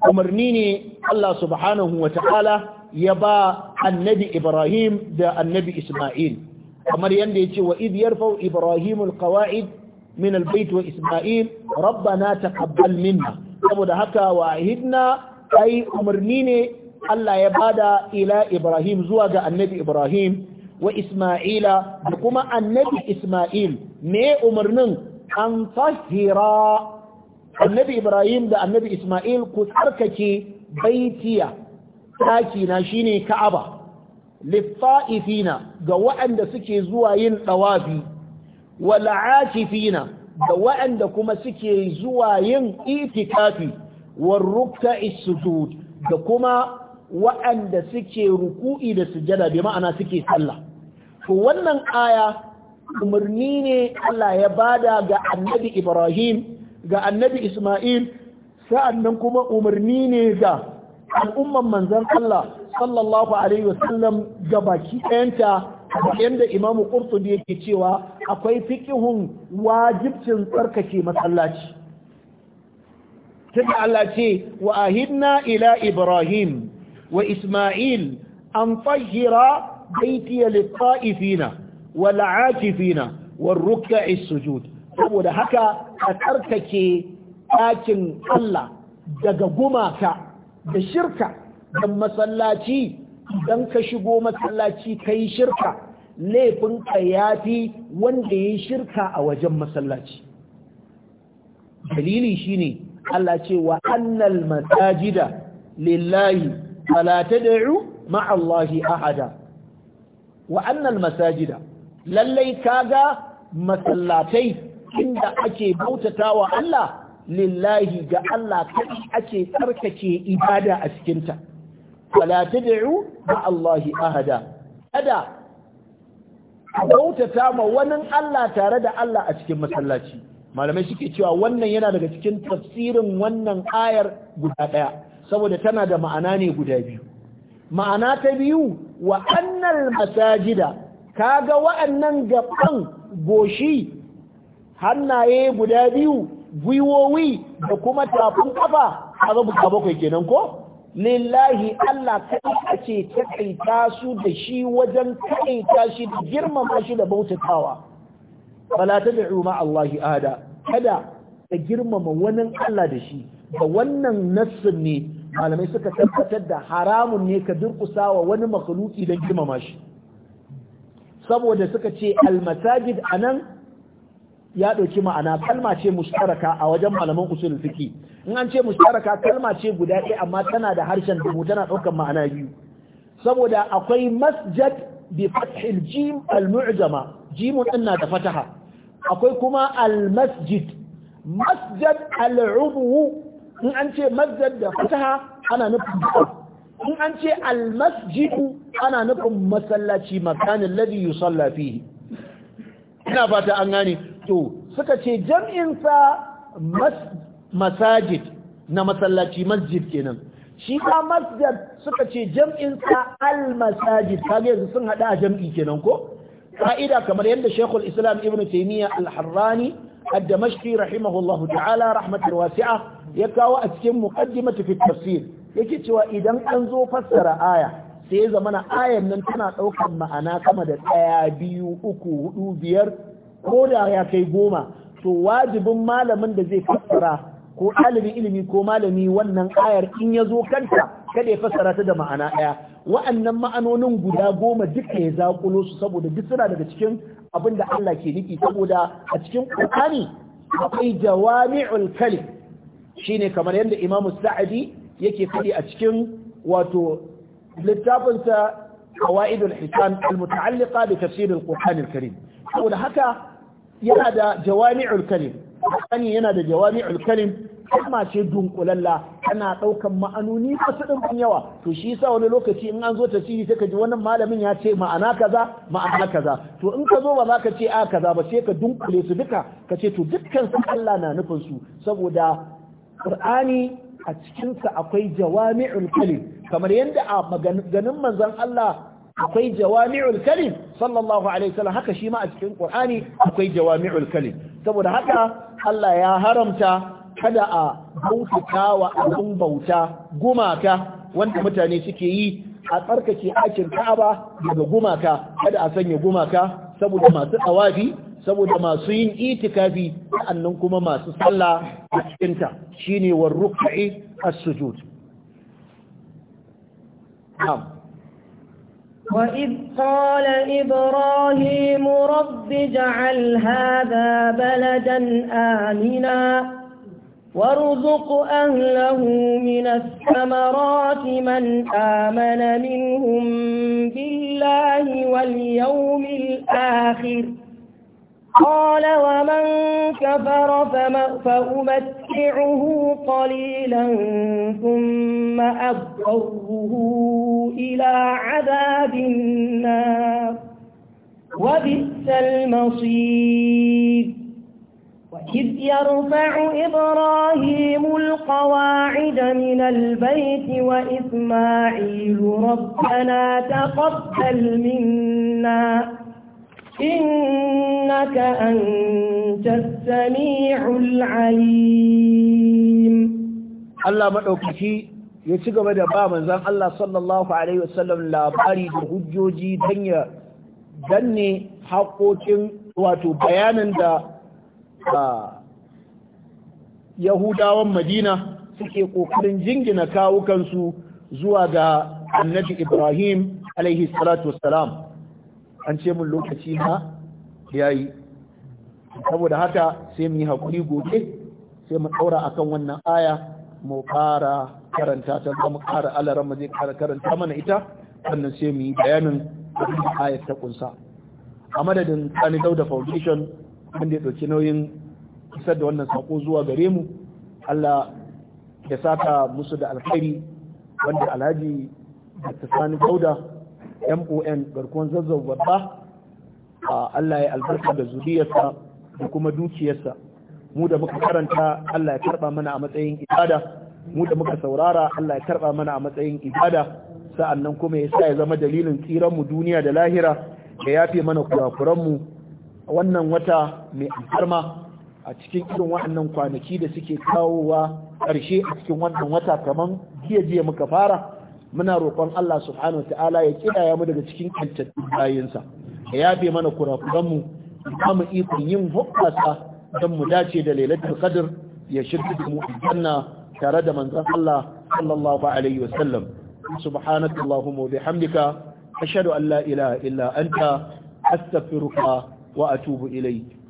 umarni ne Allah subhanahu wa ta'ala ya ba annabi Ibrahim da annabi Ismail kamar yadda ya ce wa idh yarfau Ibrahim alqawaid min albayt wa Ismail rabbana taqabbal minna saboda haka wa ahidna ai umarni ne Allah ya bada ila Ibrahim zuwa ga annabi Ibrahim wa Ismaila da kuma annabi Ismail me umarnin an tahira annabi Ibrahim da annabi Ismail ku tsarkake baitiya ɗaki na shine ka'aba liffa'ifina ga waɗanda suke zuwa yin ɗawafi wal'akifina ga waɗanda kuma suke zuwa yin itikafi warrukta sujud da kuma waɗanda suke ruku'i da sujada bi ma'ana suke sallah to wannan aya umarni ne Allah ya bada ga annabi Ibrahim ga annabi Ismail sa'annan kuma umarni ne ga al'umman manzon Allah sallallahu alaihi wasallam ga baki ɗayanta yadda imamu qurtubi yake cewa akwai fiqihun wajibcin tsarkake masallaci tunda Allah ce wa ahidna ila ibrahim wa isma'il an fahira baitiya lit wa wal-'akifina war sujud saboda haka a tsarkake ɗakin Allah daga gumaka da shirka da masallaci don ka shigo masallaci ka yi shirka ka ya fi wanda ya yi shirka a wajen masallaci dalili shine Allah ce wa annal masajida lillahi fala tad'u ma'a Allahi ahada wa annal masajida lallai kaga masallatai inda ake bautatawa Allah lillahi ga Allah kai ake tsarkake ibada a cikinta wala tad'u ma Allahi ahada kada bautata ma wani Allah tare da Allah a cikin masallaci malamai suke cewa wannan yana daga cikin tafsirin wannan ayar guda ɗaya saboda tana da ma'ana ne guda biyu ma'ana ta biyu wa annal masajida kaga wa'annan gaban goshi hannaye guda biyu gwiwowi da kuma tafin kafa a rubuta bakwai kenan ko lillahi Allah kai ta takaita su da shi wajen takaita shi da girmama shi da bautatawa fala tad'u ma Allahi ada kada ka girmama wani Allah da shi da wannan nassin ne malamai suka tabbatar da haramun ne ka wa wani makaluki don girmama shi saboda suka ce almasajid nan. ya ɗauki ma'ana kalma ce mushtaraka a wajen malaman usulul fiqi in an ce mushtaraka kalma ce guda ɗaya amma tana da harshen dubu tana ɗaukar ma'ana biyu saboda akwai masjad bi fathil jim al mu'jama jimun din na da fataha akwai kuma al masjid masjad al ubu in an ce masjad da fataha ana nufin in an ce al masjid ana nufin masallaci makanin ladhi yusalla fihi ina fata an gane to suka ce jam'insa masajid na masallaci masjid kenan shi ka masjid suka ce jam'insa al-masajid kage yanzu sun hada a jam'i kenan ko ka'ida kamar yadda shekul Islam Ibn taimiyya al-Harrani ad-Damashqi rahimahullahu ta'ala rahmatar wasi'a ya kawo a cikin muqaddimatu fi tafsir yake cewa idan an zo fassara aya sai ya zamana ayan nan tana daukar ma'ana kama da daya biyu uku hudu biyar ko da ya kai goma to wajibin malamin da zai fassara ko ɗalibin ilimi ko malami wannan ayar in ya zo kanta kada ya fassara ta da ma'ana ɗaya wa'annan ma'anonin guda goma duka ya zaƙulo su saboda duk suna daga cikin abin da Allah ke niki saboda a cikin Qur'ani akwai jawami'ul kalim shine kamar yadda Imam Sa'adi yake faɗi a cikin wato littafinsa قواعد الحسان المتعلقة بتفسير القرآن karim saboda haka yana da jawami'ul kalim sani yana da jawami'ul kalim amma ce dunkulalla Kana daukan ma'anoni masu ɗimbin yawa to shi yasa wani lokaci in an zo ta sai ka ji wannan malamin ya ce ma'ana kaza ma'ana kaza to in ka zo ba za ka ce a kaza ba sai ka dunkule su duka ka ce to dukkan su Allah na nufin su saboda Qur'ani a cikinsa akwai jawami'ul kalim kamar yadda a maganganun manzon Allah akwai jawami'ul kalim sallallahu alaihi wasallam haka shi ma a cikin Qur'ani akwai jawami'ul kalim saboda haka Allah ya haramta kada a bautata wa abun bauta gumaka wanda mutane suke yi a tsarkake akin Ka'aba daga gumaka kada a sanya gumaka saboda masu tsawafi saboda masu yin itikafi annan kuma masu sallah a ta shine war ruk'i as-sujud Na'am. وإذ قال إبراهيم رب جعل هذا بلدا آمنا وارزق أهله من الثمرات من آمن منهم بالله واليوم الآخر قال ومن كفر فأمتعه قليلا ثم أضره إلى عذاب النار وبئس المصير وإذ يرفع إبراهيم القواعد من البيت وإسماعيل ربنا تقبل منا إنك أنت السميع العليم الله مدوكي ya ci gaba da ba manzan Allah sallallahu Alaihi wasallam labari da hujjoji don ya danne haƙoƙin wato bayanin da yahudawan madina suke ƙoƙarin jingina kawukansu zuwa ga annabi ibrahim alaihi salatu wassalam an ce mun lokaci na yi. saboda haka sai mu yi hakuri gobe sai mu a kan wannan aya mu ƙara karanta ta zama ƙara alaran mu zai ƙara karanta mana ita sannan sai mu yi bayanin aya ta kunsa a madadin Sani Dauda Foundation wanda ya ɗauki nauyin isar da wannan sako zuwa gare mu Allah ya saka musu da alkhairi wanda Alhaji da Sani Dauda mon garkuwan zazzau babba Allah ya albarka da zuriyarsa da kuma dukiyarsa mu da muka karanta Allah ya karba mana a matsayin ibada mu da muka saurara Allah ya karba mana a matsayin ibada sa'annan kuma ya sa ya zama dalilin tsiran mu duniya da lahira ya yafe mana kurakuran mu wannan wata mai alfarma a cikin irin waɗannan kwanaki da suke kawowa ƙarshe a cikin wannan wata kaman jiya jiya muka fara muna roƙon Allah subhanahu wa ta'ala ya kidaya mu daga cikin kantattun bayinsa ya yabe mana kurakuran mu ba mu ikon yin hubbasa dan mu dace da lailatul qadr ya shirki da mu aljanna tare da manzon Allah sallallahu alaihi wa sallam subhanaka allahumma wa bihamdika ashhadu an la ilaha illa anta astaghfiruka wa atubu ilayk